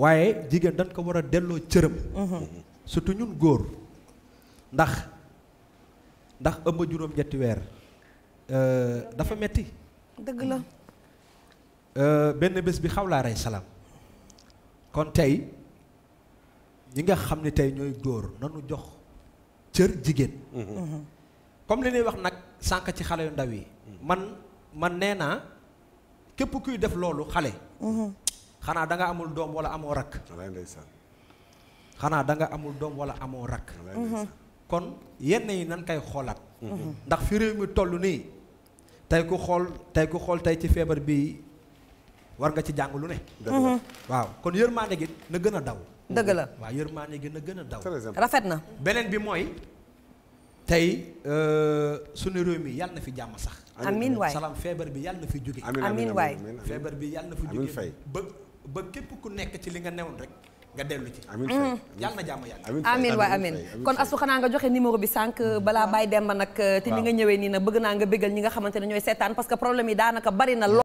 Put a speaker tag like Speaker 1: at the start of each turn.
Speaker 1: waaye jigéen dañ ko war a delloo cëram. surtout ñun góor ndax ndax ëmb juróom-ñetti weer euh, dafa metti dëgg la. Euh, benn bés bi xaw laa rey salaam kon tey ñi nga xam ni tey ñooy góor nanu jox cër jigéen. comme li ñuy wax nag sànq ci xale yu ndaw yi. man man nee naa képp kuy def loolu xale. xanaa danga amul doom wala amoo rakk. xanaa da nga amul doom wala amoo rakk. kon yenn yi nan koy xoolaat. Mhm. ndax fi réew mi toll nii tey ku xool tey ku xool tey ci feebar bi war nga ci jàng lu ne. Mhm. waaw kon yërmaande gi na gën a daw. dëgg la waaw yërmaande gi na gën a daw. rafet na beneen bi mooy. tey euh, suñu réew mi yàlla na fi jàmm sax. amiin waay salaam feebar bi yàlla na fi jóge. amiin waay feebar bi yàlla na fi jóge ba. ba képp ku nekk ci li nga newoon rek nga dellu ci. amiin fay mm. yàlla na jàmm yàlla. amiin waay amiin kon asu xanaa nga joxe numéro bi sànq mm. balaa Baye Demba nag. Euh, te ni nga ñëwee nii nag bëgg naa nga bégal ñi nga xamante ne ñooy seetaan parce que problème yi daanaka bari na lool.